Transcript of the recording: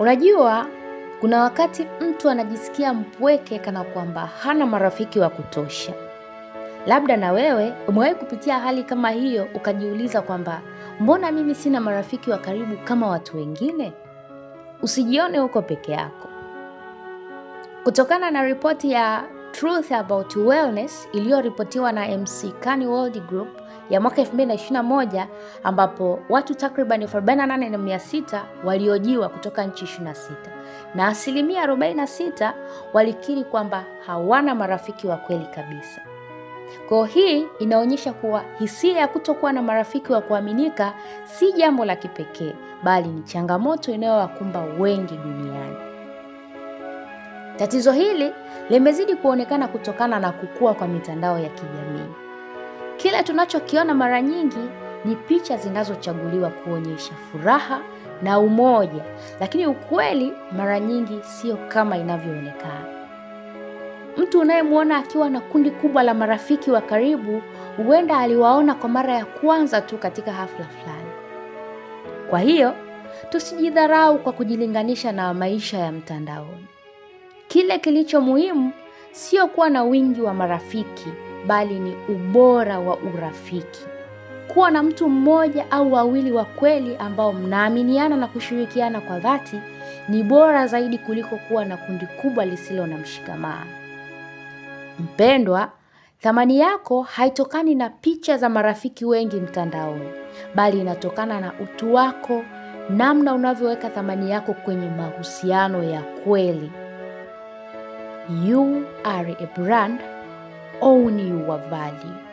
Unajua, kuna wakati mtu anajisikia mpweke kana kwamba hana marafiki wa kutosha. Labda na wewe umewahi kupitia hali kama hiyo, ukajiuliza kwamba mbona mimi sina marafiki wa karibu kama watu wengine? Usijione huko peke yako. Kutokana na ripoti ya Truth About Wellness iliyoripotiwa na MC Kani World Group ya mwaka 2021 ambapo watu takriban 48,600 waliojiwa kutoka nchi 26 na asilimia 46 walikiri kwamba hawana marafiki wa kweli kabisa. Kwa hii inaonyesha kuwa hisia ya kutokuwa na marafiki wa kuaminika si jambo la kipekee bali ni changamoto inayowakumba wengi duniani. Tatizo hili limezidi kuonekana kutokana na kukua kwa mitandao ya kijamii. Kile tunachokiona mara nyingi ni picha zinazochaguliwa kuonyesha furaha na umoja, lakini ukweli mara nyingi sio kama inavyoonekana. Mtu unayemwona akiwa na kundi kubwa la marafiki wa karibu, huenda aliwaona kwa mara ya kwanza tu katika hafla fulani. Kwa hiyo, tusijidharau kwa kujilinganisha na maisha ya mtandaoni. Kile kilicho muhimu sio kuwa na wingi wa marafiki, bali ni ubora wa urafiki. Kuwa na mtu mmoja au wawili wa kweli ambao mnaaminiana na kushirikiana kwa dhati ni bora zaidi kuliko kuwa na kundi kubwa lisilo na mshikamano. Mpendwa, thamani yako haitokani na picha za marafiki wengi mtandaoni, bali inatokana na utu wako, namna unavyoweka thamani yako kwenye mahusiano ya kweli. You are a brand, own your value.